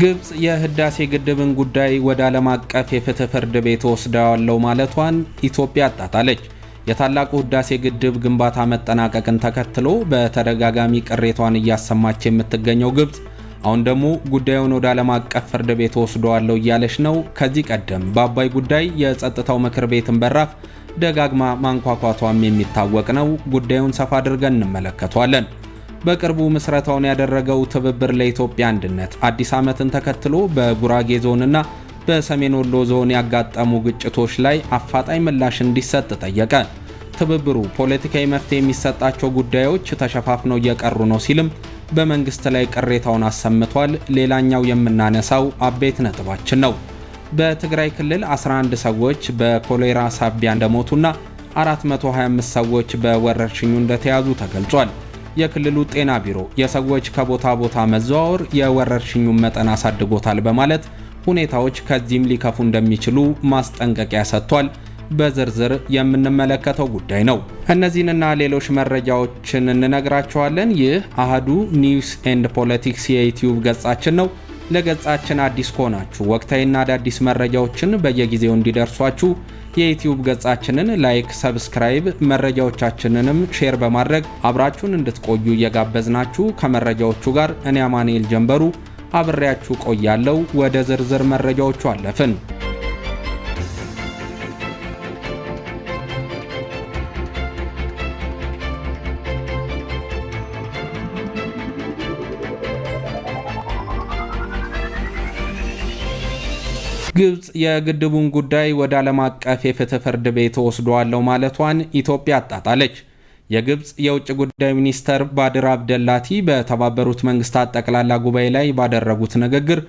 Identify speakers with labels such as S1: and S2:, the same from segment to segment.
S1: ግብጽ የህዳሴ ግድብን ጉዳይ ወደ ዓለም አቀፍ የፍትህ ፍርድ ቤት ወስደዋለው ማለቷን ኢትዮጵያ አጣጣለች። የታላቁ ህዳሴ ግድብ ግንባታ መጠናቀቅን ተከትሎ በተደጋጋሚ ቅሬቷን እያሰማች የምትገኘው ግብጽ አሁን ደግሞ ጉዳዩን ወደ ዓለም አቀፍ ፍርድ ቤት ወስደዋለው እያለች ነው። ከዚህ ቀደም በአባይ ጉዳይ የጸጥታው ምክር ቤትን በራፍ ደጋግማ ማንኳኳቷም የሚታወቅ ነው። ጉዳዩን ሰፋ አድርገን እንመለከቷለን። በቅርቡ ምስረታውን ያደረገው ትብብር ለኢትዮጵያ አንድነት አዲስ ዓመትን ተከትሎ በጉራጌ ዞንና በሰሜን ወሎ ዞን ያጋጠሙ ግጭቶች ላይ አፋጣኝ ምላሽ እንዲሰጥ ጠየቀ። ትብብሩ ፖለቲካዊ መፍትሄ የሚሰጣቸው ጉዳዮች ተሸፋፍነው እየቀሩ ነው ሲልም በመንግስት ላይ ቅሬታውን አሰምቷል። ሌላኛው የምናነሳው አበይት ነጥባችን ነው። በትግራይ ክልል 11 ሰዎች በኮሌራ ሳቢያ እንደሞቱና 425 ሰዎች በወረርሽኙ እንደተያዙ ተገልጿል። የክልሉ ጤና ቢሮ የሰዎች ከቦታ ቦታ መዘዋወር የወረርሽኙን መጠን አሳድጎታል በማለት ሁኔታዎች ከዚህም ሊከፉ እንደሚችሉ ማስጠንቀቂያ ሰጥቷል። በዝርዝር የምንመለከተው ጉዳይ ነው። እነዚህንና ሌሎች መረጃዎችን እንነግራችኋለን። ይህ አህዱ ኒውስ ኤንድ ፖለቲክስ የዩትዩብ ገጻችን ነው። ለገጻችን አዲስ ከሆናችሁ ወቅታዊና አዳዲስ መረጃዎችን በየጊዜው እንዲደርሷችሁ የዩትዩብ ገጻችንን ላይክ፣ ሰብስክራይብ፣ መረጃዎቻችንንም ሼር በማድረግ አብራችሁን እንድትቆዩ እየጋበዝናችሁ ከመረጃዎቹ ጋር እኔ አማኑኤል ጀንበሩ አብሬያችሁ ቆያለው። ወደ ዝርዝር መረጃዎቹ አለፍን። ግብጽ የግድቡን ጉዳይ ወደ ዓለም አቀፍ የፍትህ ፍርድ ቤት ወስዷለው ማለቷን ኢትዮጵያ አጣጣለች። የግብጽ የውጭ ጉዳይ ሚኒስተር ባድር አብደላቲ በተባበሩት መንግስታት ጠቅላላ ጉባኤ ላይ ባደረጉት ንግግር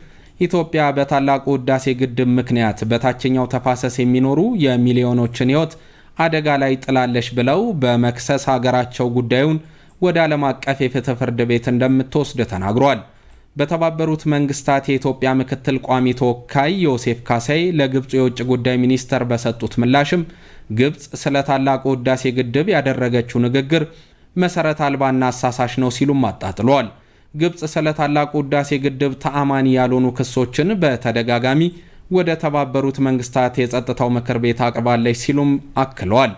S1: ኢትዮጵያ በታላቁ ህዳሴ ግድብ ምክንያት በታችኛው ተፋሰስ የሚኖሩ የሚሊዮኖችን ህይወት አደጋ ላይ ጥላለች ብለው በመክሰስ ሀገራቸው ጉዳዩን ወደ ዓለም አቀፍ የፍትህ ፍርድ ቤት እንደምትወስድ ተናግሯል። በተባበሩት መንግስታት የኢትዮጵያ ምክትል ቋሚ ተወካይ ዮሴፍ ካሳይ ለግብፁ የውጭ ጉዳይ ሚኒስተር በሰጡት ምላሽም ግብፅ ስለ ታላቁ ህዳሴ ግድብ ያደረገችው ንግግር መሰረት አልባና አሳሳሽ ነው ሲሉም አጣጥለዋል። ግብፅ ስለ ታላቁ ህዳሴ ግድብ ተአማኒ ያልሆኑ ክሶችን በተደጋጋሚ ወደ ተባበሩት መንግስታት የጸጥታው ምክር ቤት አቅርባለች ሲሉም አክለዋል።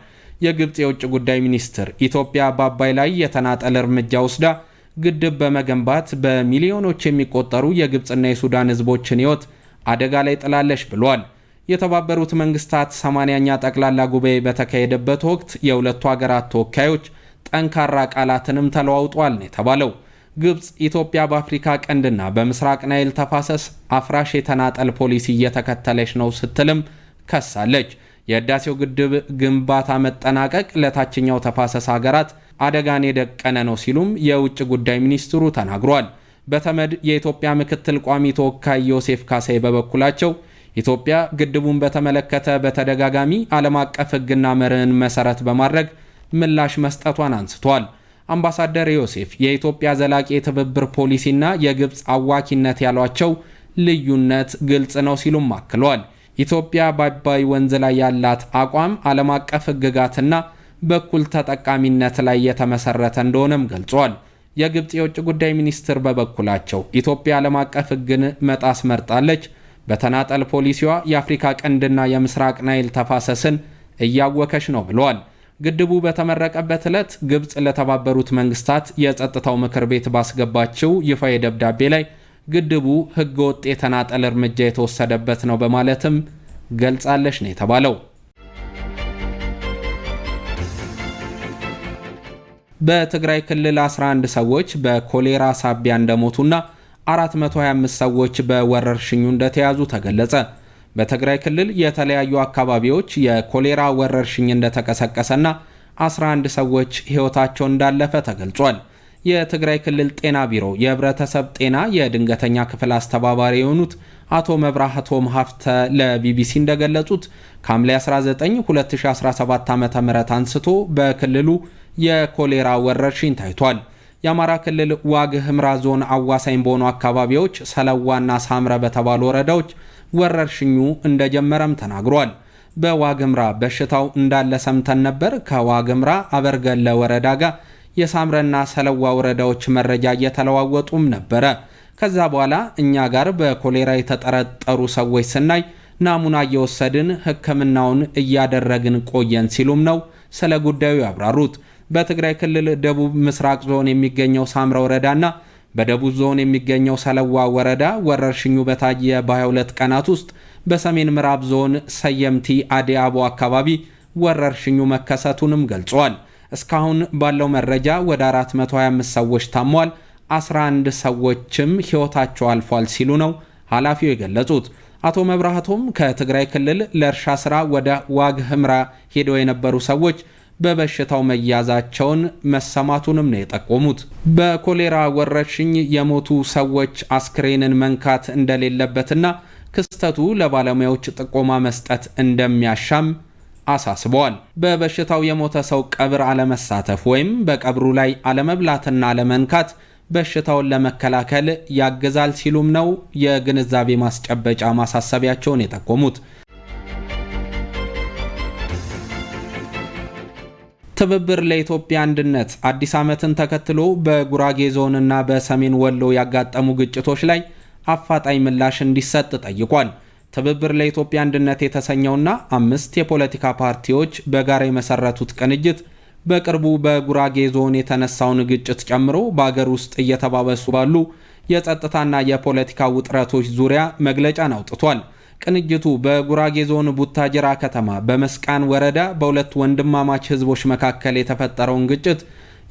S1: የግብፅ የውጭ ጉዳይ ሚኒስትር ኢትዮጵያ በአባይ ላይ የተናጠለ እርምጃ ወስዳ ግድብ በመገንባት በሚሊዮኖች የሚቆጠሩ የግብፅና የሱዳን ህዝቦችን ህይወት አደጋ ላይ ጥላለች ብሏል። የተባበሩት መንግስታት 80ኛ ጠቅላላ ጉባኤ በተካሄደበት ወቅት የሁለቱ ሀገራት ተወካዮች ጠንካራ ቃላትንም ተለዋውጧል ነው የተባለው። ግብፅ ኢትዮጵያ በአፍሪካ ቀንድና በምስራቅ ናይል ተፋሰስ አፍራሽ የተናጠል ፖሊሲ እየተከተለች ነው ስትልም ከሳለች። የህዳሴው ግድብ ግንባታ መጠናቀቅ ለታችኛው ተፋሰስ ሀገራት አደጋን የደቀነ ነው ሲሉም የውጭ ጉዳይ ሚኒስትሩ ተናግሯል። በተመድ የኢትዮጵያ ምክትል ቋሚ ተወካይ ዮሴፍ ካሳይ በበኩላቸው ኢትዮጵያ ግድቡን በተመለከተ በተደጋጋሚ ዓለም አቀፍ ሕግና መርህን መሰረት በማድረግ ምላሽ መስጠቷን አንስቷል። አምባሳደር ዮሴፍ የኢትዮጵያ ዘላቂ የትብብር ፖሊሲና የግብፅ አዋኪነት ያሏቸው ልዩነት ግልጽ ነው ሲሉም አክሏል። ኢትዮጵያ በአባይ ወንዝ ላይ ያላት አቋም ዓለም አቀፍ ሕግጋትና በኩል ተጠቃሚነት ላይ የተመሰረተ እንደሆነም ገልጿል። የግብፅ የውጭ ጉዳይ ሚኒስትር በበኩላቸው ኢትዮጵያ ዓለም አቀፍ ሕግን መጣስ መርጣለች፣ በተናጠል ፖሊሲዋ የአፍሪካ ቀንድና የምስራቅ ናይል ተፋሰስን እያወከች ነው ብለዋል። ግድቡ በተመረቀበት ዕለት ግብፅ ለተባበሩት መንግስታት የጸጥታው ምክር ቤት ባስገባችው ይፋ የደብዳቤ ላይ ግድቡ ህገ ወጥ የተናጠል እርምጃ የተወሰደበት ነው በማለትም ገልጻለች ነው የተባለው። በትግራይ ክልል 11 ሰዎች በኮሌራ ሳቢያ እንደሞቱና 425 ሰዎች በወረርሽኙ እንደተያዙ ተገለጸ። በትግራይ ክልል የተለያዩ አካባቢዎች የኮሌራ ወረርሽኝ እንደተቀሰቀሰና 11 ሰዎች ሕይወታቸው እንዳለፈ ተገልጿል። የትግራይ ክልል ጤና ቢሮ የህብረተሰብ ጤና የድንገተኛ ክፍል አስተባባሪ የሆኑት አቶ መብራህቶም ሀፍተ ለቢቢሲ እንደገለጹት ከሐምሌ 19 2017 ዓ ም አንስቶ በክልሉ የኮሌራ ወረርሽኝ ታይቷል። የአማራ ክልል ዋግ ህምራ ዞን አዋሳኝ በሆኑ አካባቢዎች ሰለዋና ሳምረ በተባሉ ወረዳዎች ወረርሽኙ እንደጀመረም ተናግሯል። በዋግምራ በሽታው እንዳለ ሰምተን ነበር። ከዋግምራ አበርገለ ወረዳ ጋር የሳምረና ሰለዋ ወረዳዎች መረጃ እየተለዋወጡም ነበረ። ከዛ በኋላ እኛ ጋር በኮሌራ የተጠረጠሩ ሰዎች ስናይ ናሙና እየወሰድን ሕክምናውን እያደረግን ቆየን ሲሉም ነው ስለ ጉዳዩ ያብራሩት። በትግራይ ክልል ደቡብ ምስራቅ ዞን የሚገኘው ሳምረ ወረዳና በደቡብ ዞን የሚገኘው ሰለዋ ወረዳ ወረርሽኙ በታየ በ22 ቀናት ውስጥ በሰሜን ምዕራብ ዞን ሰየምቲ አዲአቦ አካባቢ ወረርሽኙ መከሰቱንም ገልጿል። እስካሁን ባለው መረጃ ወደ 425 ሰዎች ታሟል፣ 11 ሰዎችም ሕይወታቸው አልፏል ሲሉ ነው ኃላፊው የገለጹት። አቶ መብራህቶም ከትግራይ ክልል ለእርሻ ሥራ ወደ ዋግ ህምራ ሄደው የነበሩ ሰዎች በበሽታው መያዛቸውን መሰማቱንም ነው የጠቆሙት። በኮሌራ ወረርሽኝ የሞቱ ሰዎች አስክሬንን መንካት እንደሌለበትና ክስተቱ ለባለሙያዎች ጥቆማ መስጠት እንደሚያሻም አሳስበዋል። በበሽታው የሞተ ሰው ቀብር አለመሳተፍ ወይም በቀብሩ ላይ አለመብላትና አለመንካት በሽታውን ለመከላከል ያግዛል ሲሉም ነው የግንዛቤ ማስጨበጫ ማሳሰቢያቸውን የጠቆሙት። ትብብር ለኢትዮጵያ አንድነት አዲስ ዓመትን ተከትሎ በጉራጌ ዞንና በሰሜን ወሎ ያጋጠሙ ግጭቶች ላይ አፋጣኝ ምላሽ እንዲሰጥ ጠይቋል። ትብብር ለኢትዮጵያ አንድነት የተሰኘውና አምስት የፖለቲካ ፓርቲዎች በጋራ የመሰረቱት ቅንጅት በቅርቡ በጉራጌ ዞን የተነሳውን ግጭት ጨምሮ በአገር ውስጥ እየተባበሱ ባሉ የጸጥታና የፖለቲካ ውጥረቶች ዙሪያ መግለጫን አውጥቷል። ቅንጅቱ በጉራጌ ዞን ቡታጅራ ከተማ በመስቃን ወረዳ በሁለት ወንድማማች ህዝቦች መካከል የተፈጠረውን ግጭት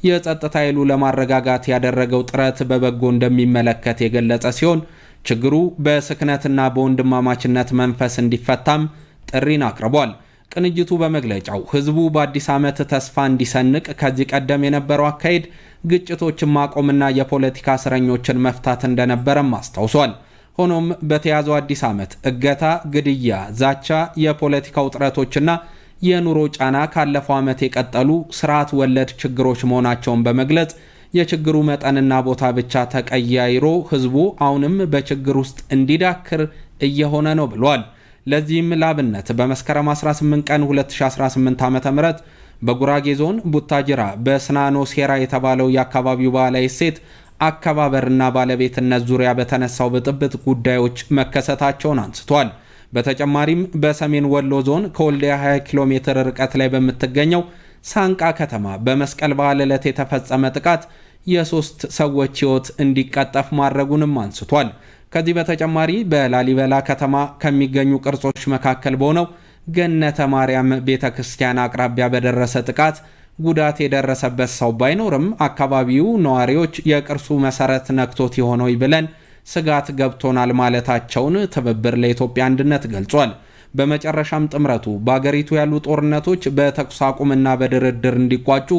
S1: የጸጥታ ኃይሉ ለማረጋጋት ያደረገው ጥረት በበጎ እንደሚመለከት የገለጸ ሲሆን ችግሩ በስክነትና በወንድማማችነት መንፈስ እንዲፈታም ጥሪን አቅርቧል። ቅንጅቱ በመግለጫው ህዝቡ በአዲስ ዓመት ተስፋ እንዲሰንቅ ከዚህ ቀደም የነበረው አካሄድ ግጭቶችን ማቆምና የፖለቲካ እስረኞችን መፍታት እንደነበረም አስታውሷል። ሆኖም በተያዘው አዲስ ዓመት እገታ፣ ግድያ፣ ዛቻ፣ የፖለቲካ ውጥረቶችና የኑሮ ጫና ካለፈው ዓመት የቀጠሉ ስርዓት ወለድ ችግሮች መሆናቸውን በመግለጽ የችግሩ መጠንና ቦታ ብቻ ተቀያይሮ ህዝቡ አሁንም በችግር ውስጥ እንዲዳክር እየሆነ ነው ብሏል። ለዚህም ላብነት በመስከረም 18 ቀን 2018 ዓ ም በጉራጌ ዞን ቡታጅራ በስናኖ ሴራ የተባለው የአካባቢው ባህላዊ እሴት አከባበርና ባለቤትነት ዙሪያ በተነሳው ብጥብጥ ጉዳዮች መከሰታቸውን አንስቷል። በተጨማሪም በሰሜን ወሎ ዞን ከወልዲያ 20 ኪሎ ሜትር ርቀት ላይ በምትገኘው ሳንቃ ከተማ በመስቀል በዓል ዕለት የተፈጸመ ጥቃት የሶስት ሰዎች ሕይወት እንዲቀጠፍ ማድረጉንም አንስቷል። ከዚህ በተጨማሪ በላሊበላ ከተማ ከሚገኙ ቅርሶች መካከል በሆነው ገነተ ማርያም ቤተ ክርስቲያን አቅራቢያ በደረሰ ጥቃት ጉዳት የደረሰበት ሰው ባይኖርም አካባቢው ነዋሪዎች የቅርሱ መሰረት ነክቶት የሆነው ብለን ስጋት ገብቶናል ማለታቸውን ትብብር ለኢትዮጵያ አንድነት ገልጿል። በመጨረሻም ጥምረቱ በአገሪቱ ያሉ ጦርነቶች በተኩስ አቁምና በድርድር እንዲቋጩ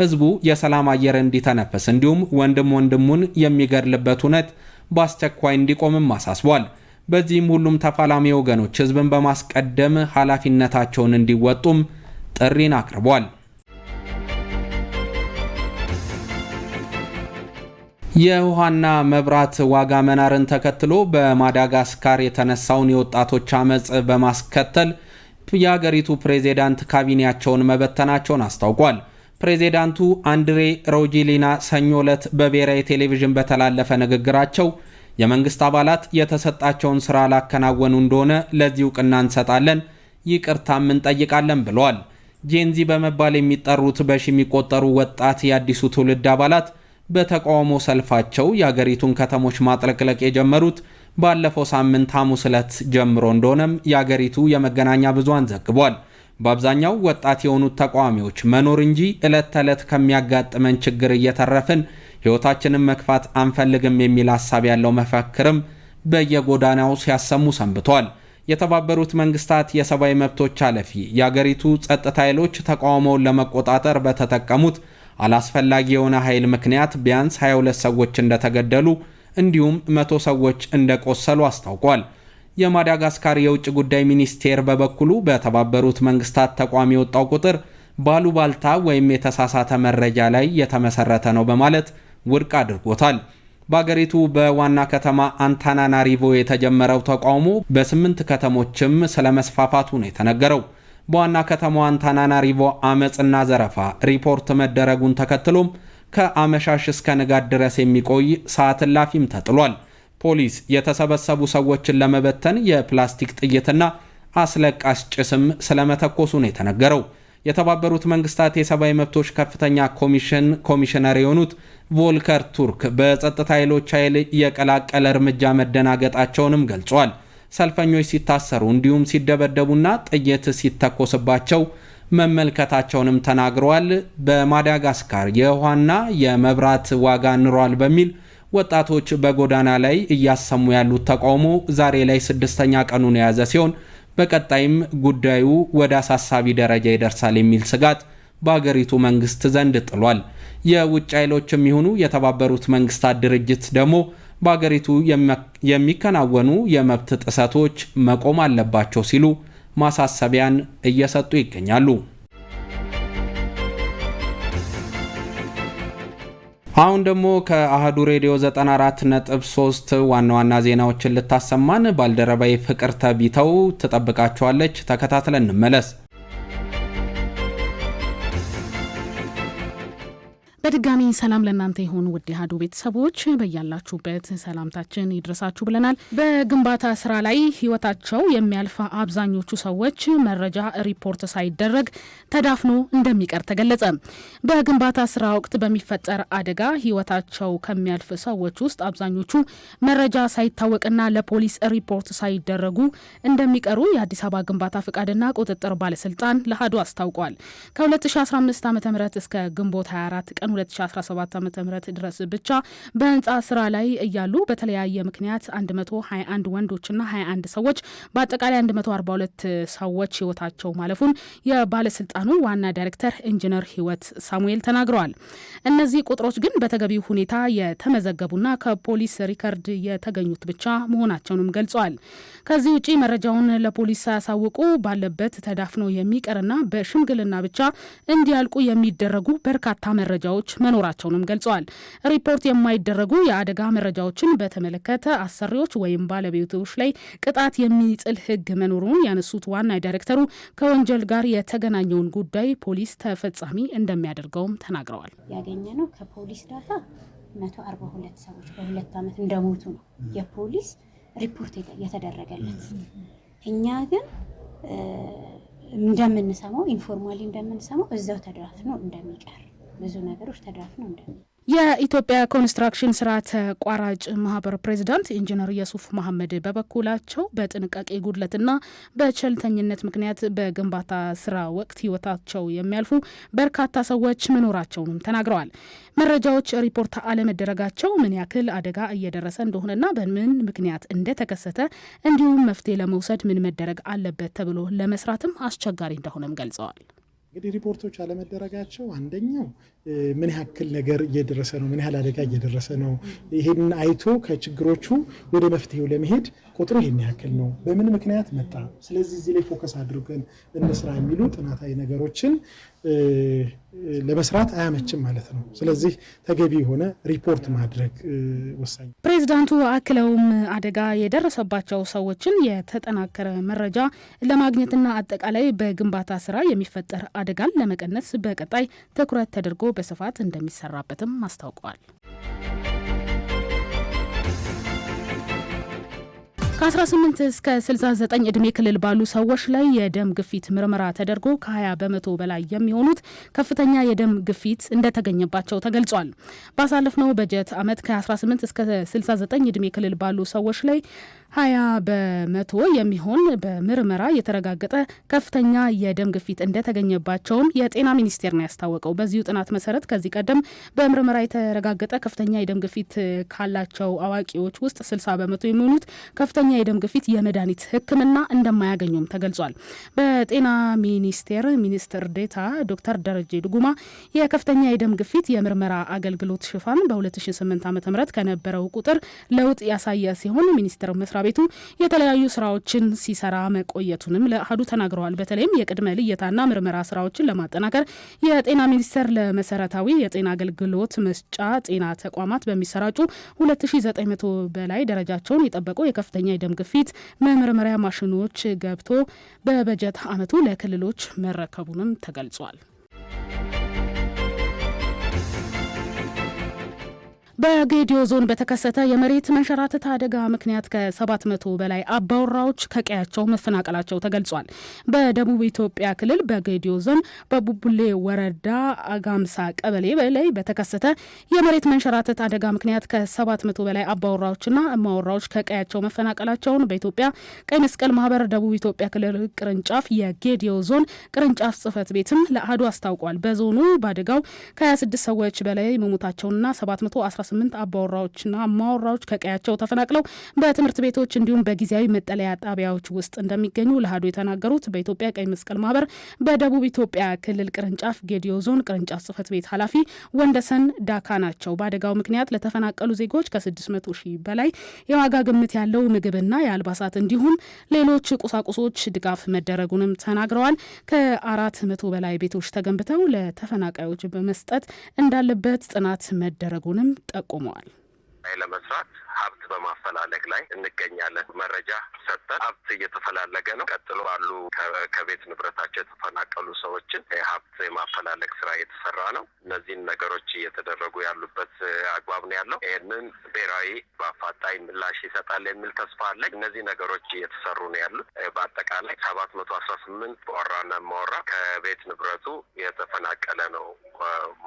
S1: ህዝቡ የሰላም አየር እንዲተነፍስ እንዲሁም ወንድም ወንድሙን የሚገድልበት እውነት በአስቸኳይ እንዲቆምም አሳስቧል። በዚህም ሁሉም ተፋላሚ ወገኖች ህዝብን በማስቀደም ኃላፊነታቸውን እንዲወጡም ጥሪን አቅርቧል። የውሃና መብራት ዋጋ መናርን ተከትሎ በማዳጋስካር የተነሳውን የወጣቶች አመፅ በማስከተል የሀገሪቱ ፕሬዚዳንት ካቢኔያቸውን መበተናቸውን አስታውቋል። ፕሬዚዳንቱ አንድሬ ሮጂሊና ሰኞ ዕለት በብሔራዊ ቴሌቪዥን በተላለፈ ንግግራቸው የመንግስት አባላት የተሰጣቸውን ስራ ላከናወኑ እንደሆነ ለዚህ እውቅና እንሰጣለን፣ ይቅርታም እንጠይቃለን ብለዋል። ጄንዚ በመባል የሚጠሩት በሺ የሚቆጠሩ ወጣት የአዲሱ ትውልድ አባላት በተቃውሞ ሰልፋቸው የአገሪቱን ከተሞች ማጥለቅለቅ የጀመሩት ባለፈው ሳምንት ሐሙስ ዕለት ጀምሮ እንደሆነም የአገሪቱ የመገናኛ ብዙሃን ዘግቧል። በአብዛኛው ወጣት የሆኑት ተቃዋሚዎች መኖር እንጂ ዕለት ተዕለት ከሚያጋጥመን ችግር እየተረፍን ሕይወታችንን መግፋት አንፈልግም የሚል ሐሳብ ያለው መፈክርም በየጎዳናው ሲያሰሙ ሰንብቷል። የተባበሩት መንግስታት የሰብአዊ መብቶች ኃላፊ የአገሪቱ ጸጥታ ኃይሎች ተቃውሞውን ለመቆጣጠር በተጠቀሙት አላስፈላጊ የሆነ ኃይል ምክንያት ቢያንስ 22 ሰዎች እንደተገደሉ እንዲሁም 100 ሰዎች እንደቆሰሉ አስታውቋል። የማዳጋስካር የውጭ ጉዳይ ሚኒስቴር በበኩሉ በተባበሩት መንግስታት ተቋም የወጣው ቁጥር ባሉባልታ ወይም የተሳሳተ መረጃ ላይ የተመሰረተ ነው በማለት ውድቅ አድርጎታል። በአገሪቱ በዋና ከተማ አንታናናሪቮ የተጀመረው ተቃውሞ በስምንት ከተሞችም ስለመስፋፋቱ ነው የተነገረው። በዋና ከተማዋን ሪቮ አመፅና ዘረፋ ሪፖርት መደረጉን ተከትሎም ከአመሻሽ እስከ ንጋት ድረስ የሚቆይ ሰዓት እላፊም ተጥሏል። ፖሊስ የተሰበሰቡ ሰዎችን ለመበተን የፕላስቲክ ጥይትና አስለቃሽ ጭስም ስለመተኮሱ ነው የተነገረው። የተባበሩት መንግስታት የሰብአዊ መብቶች ከፍተኛ ኮሚሽን ኮሚሽነር የሆኑት ቮልከር ቱርክ በጸጥታ ኃይሎች ኃይል የቀላቀለ እርምጃ መደናገጣቸውንም ገልጿል። ሰልፈኞች ሲታሰሩ እንዲሁም ሲደበደቡና ጥይት ሲተኮስባቸው መመልከታቸውንም ተናግረዋል። በማዳጋስካር የውሃና የመብራት ዋጋ ንሯል በሚል ወጣቶች በጎዳና ላይ እያሰሙ ያሉት ተቃውሞ ዛሬ ላይ ስድስተኛ ቀኑን የያዘ ሲሆን በቀጣይም ጉዳዩ ወደ አሳሳቢ ደረጃ ይደርሳል የሚል ስጋት በአገሪቱ መንግስት ዘንድ ጥሏል። የውጭ ኃይሎች የሚሆኑ የተባበሩት መንግስታት ድርጅት ደግሞ በአገሪቱ የሚከናወኑ የመብት ጥሰቶች መቆም አለባቸው ሲሉ ማሳሰቢያን እየሰጡ ይገኛሉ። አሁን ደግሞ ከአህዱ ሬዲዮ 94.3 ዋና ዋና ዜናዎችን ልታሰማን ባልደረባዬ ፍቅርተ ቢተው ትጠብቃቸዋለች ተከታትለን እንመለስ።
S2: በድጋሚ ሰላም ለእናንተ የሆኑ ውድ ኢህአዴግ ቤተሰቦች በያላችሁበት ሰላምታችን ይድረሳችሁ ብለናል። በግንባታ ስራ ላይ ህይወታቸው የሚያልፍ አብዛኞቹ ሰዎች መረጃ ሪፖርት ሳይደረግ ተዳፍኖ እንደሚቀር ተገለጸ። በግንባታ ስራ ወቅት በሚፈጠር አደጋ ህይወታቸው ከሚያልፍ ሰዎች ውስጥ አብዛኞቹ መረጃ ሳይታወቅና ለፖሊስ ሪፖርት ሳይደረጉ እንደሚቀሩ የአዲስ አበባ ግንባታ ፍቃድና ቁጥጥር ባለስልጣን ለሀዱ አስታውቋል። ከ2015 ዓ ም እስከ ግንቦት 24 ቀን 2017 ዓ ም ድረስ ብቻ በህንፃ ስራ ላይ እያሉ በተለያየ ምክንያት 121 ወንዶችና 21 ሰዎች በአጠቃላይ 142 ሰዎች ህይወታቸው ማለፉን የባለስልጣኑ ዋና ዳይሬክተር ኢንጂነር ህይወት ሳሙኤል ተናግረዋል። እነዚህ ቁጥሮች ግን በተገቢው ሁኔታ የተመዘገቡና ከፖሊስ ሪከርድ የተገኙት ብቻ መሆናቸውንም ገልጸዋል። ከዚህ ውጪ መረጃውን ለፖሊስ ሳያሳውቁ ባለበት ተዳፍኖ የሚቀርና በሽምግልና ብቻ እንዲያልቁ የሚደረጉ በርካታ መረጃዎች መረጃዎች መኖራቸውንም ገልጸዋል። ሪፖርት የማይደረጉ የአደጋ መረጃዎችን በተመለከተ አሰሪዎች ወይም ባለቤቶች ላይ ቅጣት የሚጥል ሕግ መኖሩን ያነሱት ዋና ዳይሬክተሩ ከወንጀል ጋር የተገናኘውን ጉዳይ ፖሊስ ተፈጻሚ እንደሚያደርገውም ተናግረዋል።
S3: ያገኘ ነው ከፖሊስ ዳታ መቶ አርባ ሁለት ሰዎች በሁለት ዓመት እንደሞቱ ነው የፖሊስ ሪፖርት የተደረገለት። እኛ ግን እንደምንሰማው ኢንፎርማሊ እንደምንሰማው እዛው ነው እንደሚቀር ብዙ ነገሮች ተዳፍነው እንደሚ
S2: የኢትዮጵያ ኮንስትራክሽን ስራ ተቋራጭ ማህበር ፕሬዚዳንት ኢንጂነር የሱፍ መሐመድ በበኩላቸው በጥንቃቄ ጉድለትና በቸልተኝነት ምክንያት በግንባታ ስራ ወቅት ህይወታቸው የሚያልፉ በርካታ ሰዎች መኖራቸውንም ተናግረዋል። መረጃዎች ሪፖርት አለመደረጋቸው ምን ያክል አደጋ እየደረሰ እንደሆነና በምን ምክንያት እንደተከሰተ እንዲሁም መፍትሄ ለመውሰድ ምን መደረግ አለበት ተብሎ ለመስራትም አስቸጋሪ እንደሆነም ገልጸዋል።
S4: እንግዲህ ሪፖርቶች አለመደረጋቸው አንደኛው ምን ያክል ነገር እየደረሰ ነው፣ ምን ያህል አደጋ እየደረሰ ነው፣ ይሄንን አይቶ ከችግሮቹ ወደ መፍትሄው ለመሄድ ቁጥሩ ይሄን ያክል ነው፣ በምን ምክንያት መጣ፣ ስለዚህ እዚህ ላይ ፎከስ አድርገን እንስራ የሚሉ ጥናታዊ ነገሮችን ለመስራት አያመችም ማለት ነው። ስለዚህ ተገቢ የሆነ ሪፖርት ማድረግ ወሳኝ።
S2: ፕሬዚዳንቱ አክለውም አደጋ የደረሰባቸው ሰዎችን የተጠናከረ መረጃ ለማግኘትና አጠቃላይ በግንባታ ስራ የሚፈጠር አደጋን ለመቀነስ በቀጣይ ትኩረት ተደርጎ በስፋት እንደሚሰራበትም አስታውቀዋል። ከ18 እስከ 69 እድሜ ክልል ባሉ ሰዎች ላይ የደም ግፊት ምርመራ ተደርጎ ከ20 በመቶ በላይ የሚሆኑት ከፍተኛ የደም ግፊት እንደተገኘባቸው ተገልጿል። ባሳለፍነው በጀት ዓመት ከ18 እስከ 69 እድሜ ክልል ባሉ ሰዎች ላይ ሀያ በመቶ የሚሆን በምርመራ የተረጋገጠ ከፍተኛ የደም ግፊት እንደተገኘባቸውም የጤና ሚኒስቴር ነው ያስታወቀው። በዚሁ ጥናት መሰረት ከዚህ ቀደም በምርመራ የተረጋገጠ ከፍተኛ የደም ግፊት ካላቸው አዋቂዎች ውስጥ ስልሳ በመቶ የሚሆኑት ከፍተኛ የደም ግፊት የመድኃኒት ሕክምና እንደማያገኙም ተገልጿል። በጤና ሚኒስቴር ሚኒስትር ዴታ ዶክተር ደረጀ ድጉማ የከፍተኛ የደም ግፊት የምርመራ አገልግሎት ሽፋን በ2008 ዓ ም ከነበረው ቁጥር ለውጥ ያሳየ ሲሆን ሚኒስትር መስሪያ ቤቱ የተለያዩ ስራዎችን ሲሰራ መቆየቱንም ለአህዱ ተናግረዋል። በተለይም የቅድመ ልየታና ምርመራ ስራዎችን ለማጠናከር የጤና ሚኒስቴር ለመሰረታዊ የጤና አገልግሎት መስጫ ጤና ተቋማት በሚሰራጩ 2900 በላይ ደረጃቸውን የጠበቁ የከፍተኛ የደም ግፊት መመርመሪያ ማሽኖች ገብቶ በበጀት ዓመቱ ለክልሎች መረከቡንም ተገልጿል። በጌዲዮ ዞን በተከሰተ የመሬት መንሸራተት አደጋ ምክንያት ከ700 በላይ አባወራዎች ከቀያቸው መፈናቀላቸው ተገልጿል። በደቡብ ኢትዮጵያ ክልል በጌዲዮ ዞን በቡቡሌ ወረዳ አጋምሳ ቀበሌ በላይ በተከሰተ የመሬት መንሸራተት አደጋ ምክንያት ከ700 በላይ አባወራዎችና እማወራዎች ከቀያቸው መፈናቀላቸውን በኢትዮጵያ ቀይ መስቀል ማህበር ደቡብ ኢትዮጵያ ክልል ቅርንጫፍ የጌዲዮ ዞን ቅርንጫፍ ጽህፈት ቤትም ለአህዱ አስታውቋል። በዞኑ በአደጋው ከ26 ሰዎች በላይ መሞታቸውንና 718 18 አባወራዎችና ማወራዎች ከቀያቸው ተፈናቅለው በትምህርት ቤቶች እንዲሁም በጊዜያዊ መጠለያ ጣቢያዎች ውስጥ እንደሚገኙ ለሀዶ የተናገሩት በኢትዮጵያ ቀይ መስቀል ማህበር በደቡብ ኢትዮጵያ ክልል ቅርንጫፍ ጌዲዮ ዞን ቅርንጫፍ ጽህፈት ቤት ኃላፊ ወንደሰን ዳካ ናቸው። በአደጋው ምክንያት ለተፈናቀሉ ዜጎች ከ600 ሺህ በላይ የዋጋ ግምት ያለው ምግብና የአልባሳት እንዲሁም ሌሎች ቁሳቁሶች ድጋፍ መደረጉንም ተናግረዋል። ከአራት መቶ በላይ ቤቶች ተገንብተው ለተፈናቃዮች በመስጠት እንዳለበት ጥናት መደረጉንም ጠቁመዋል።
S5: ለመስራት ሀብት በማፈላለግ ላይ እንገኛለን። መረጃ ሰጠን፣ ሀብት እየተፈላለገ ነው። ቀጥሎ ባሉ ከቤት ንብረታቸው የተፈናቀሉ ሰዎችን ሀብት የማፈላለግ ስራ እየተሰራ ነው። እነዚህን ነገሮች እየተደረጉ ያሉበት አግባብ ነው ያለው። ይህንን ብሔራዊ በአፋጣኝ ምላሽ ይሰጣል የሚል ተስፋ አለ። እነዚህ ነገሮች እየተሰሩ ነው ያሉት። በአጠቃላይ ሰባት መቶ አስራ ስምንት በወራና ማወራ ከቤት ንብረቱ የተፈናቀለ ነው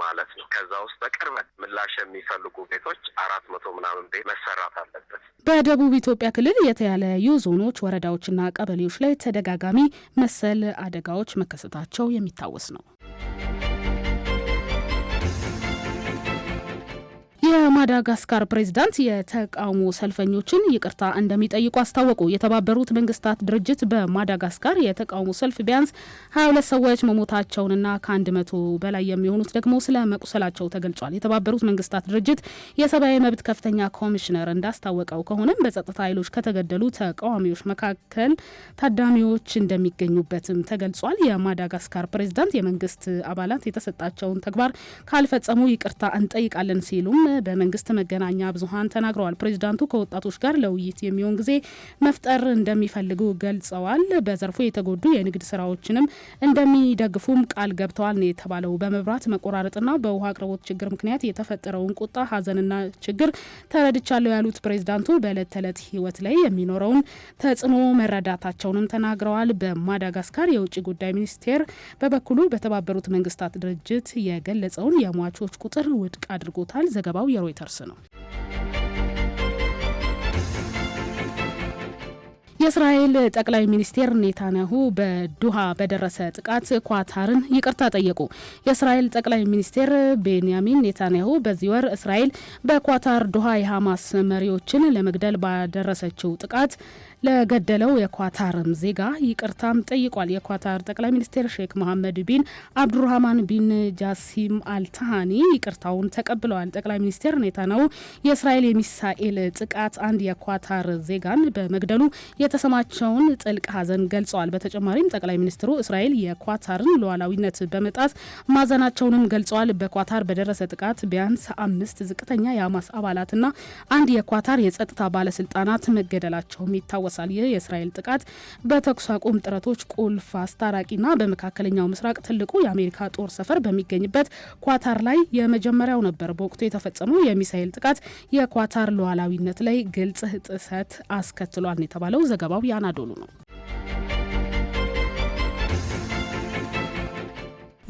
S5: ማለት ነው። ከዛ ውስጥ በቅርበት ምላሽ የሚፈልጉ ቤቶች አራት መቶ ምናምን ቤት መሰራት አለበት።
S2: በደቡብ ኢትዮጵያ ክልል የተለያዩ ዞኖች፣ ወረዳዎችና ቀበሌዎች ላይ ተደጋጋሚ መሰል አደጋዎች መከሰታቸው የሚታወስ ነው። የማዳጋስካር ፕሬዚዳንት የተቃውሞ ሰልፈኞችን ይቅርታ እንደሚጠይቁ አስታወቁ። የተባበሩት መንግስታት ድርጅት በማዳጋስካር የተቃውሞ ሰልፍ ቢያንስ 22 ሰዎች መሞታቸውንና ከአንድ መቶ በላይ የሚሆኑት ደግሞ ስለ መቁሰላቸው ተገልጿል። የተባበሩት መንግስታት ድርጅት የሰብአዊ መብት ከፍተኛ ኮሚሽነር እንዳስታወቀው ከሆነም በጸጥታ ኃይሎች ከተገደሉ ተቃዋሚዎች መካከል ታዳሚዎች እንደሚገኙበትም ተገልጿል። የማዳጋስካር ፕሬዚዳንት የመንግስት አባላት የተሰጣቸውን ተግባር ካልፈጸሙ ይቅርታ እንጠይቃለን ሲሉም መንግስት መገናኛ ብዙሀን ተናግረዋል። ፕሬዚዳንቱ ከወጣቶች ጋር ለውይይት የሚሆን ጊዜ መፍጠር እንደሚፈልጉ ገልጸዋል። በዘርፉ የተጎዱ የንግድ ስራዎችንም እንደሚደግፉም ቃል ገብተዋል ነው የተባለው። በመብራት መቆራረጥና በውሃ አቅርቦት ችግር ምክንያት የተፈጠረውን ቁጣ፣ ሀዘንና ችግር ተረድቻለሁ ያሉት ፕሬዚዳንቱ በእለት ተዕለት ህይወት ላይ የሚኖረውን ተጽዕኖ መረዳታቸውንም ተናግረዋል። በማዳጋስካር የውጭ ጉዳይ ሚኒስቴር በበኩሉ በተባበሩት መንግስታት ድርጅት የገለጸውን የሟቾች ቁጥር ውድቅ አድርጎታል። ዘገባው የሮይ ሮይተርስ ነው። የእስራኤል ጠቅላይ ሚኒስቴር ኔታንያሁ በዱሃ በደረሰ ጥቃት ኳታርን ይቅርታ ጠየቁ። የእስራኤል ጠቅላይ ሚኒስቴር ቤንያሚን ኔታንያሁ በዚህ ወር እስራኤል በኳታር ዱሃ የሐማስ መሪዎችን ለመግደል ባደረሰችው ጥቃት ለገደለው የኳታርም ዜጋ ይቅርታም ጠይቋል። የኳታር ጠቅላይ ሚኒስቴር ሼክ መሐመድ ቢን አብዱራህማን ቢን ጃሲም አልታሃኒ ይቅርታውን ተቀብለዋል። ጠቅላይ ሚኒስቴር ኔታናው የእስራኤል የሚሳኤል ጥቃት አንድ የኳታር ዜጋን በመግደሉ የተሰማቸውን ጥልቅ ሐዘን ገልጸዋል። በተጨማሪም ጠቅላይ ሚኒስትሩ እስራኤል የኳታርን ሉዓላዊነት በመጣስ ማዘናቸውንም ገልጸዋል። በኳታር በደረሰ ጥቃት ቢያንስ አምስት ዝቅተኛ የሐማስ አባላትና አንድ የኳታር የጸጥታ ባለስልጣናት መገደላቸውም ይታወሳል። ይጠቀሳል። ይህ የእስራኤል ጥቃት በተኩስ አቁም ጥረቶች ቁልፍ አስታራቂና በመካከለኛው ምስራቅ ትልቁ የአሜሪካ ጦር ሰፈር በሚገኝበት ኳታር ላይ የመጀመሪያው ነበር። በወቅቱ የተፈጸመው የሚሳኤል ጥቃት የኳታር ሉዓላዊነት ላይ ግልጽ ጥሰት አስከትሏል የተባለው ዘገባው የአናዶሉ ነው።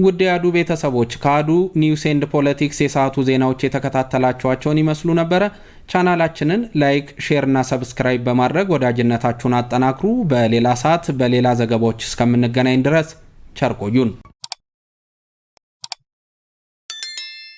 S1: ውድ የአዱ ቤተሰቦች ከአዱ ኒውስ ኤንድ ፖለቲክስ የሰዓቱ ዜናዎች የተከታተላችኋቸውን ይመስሉ ነበረ። ቻናላችንን ላይክ፣ ሼርና ሰብስክራይብ በማድረግ ወዳጅነታችሁን አጠናክሩ። በሌላ ሰዓት በሌላ ዘገባዎች እስከምንገናኝ ድረስ ቸርቆዩን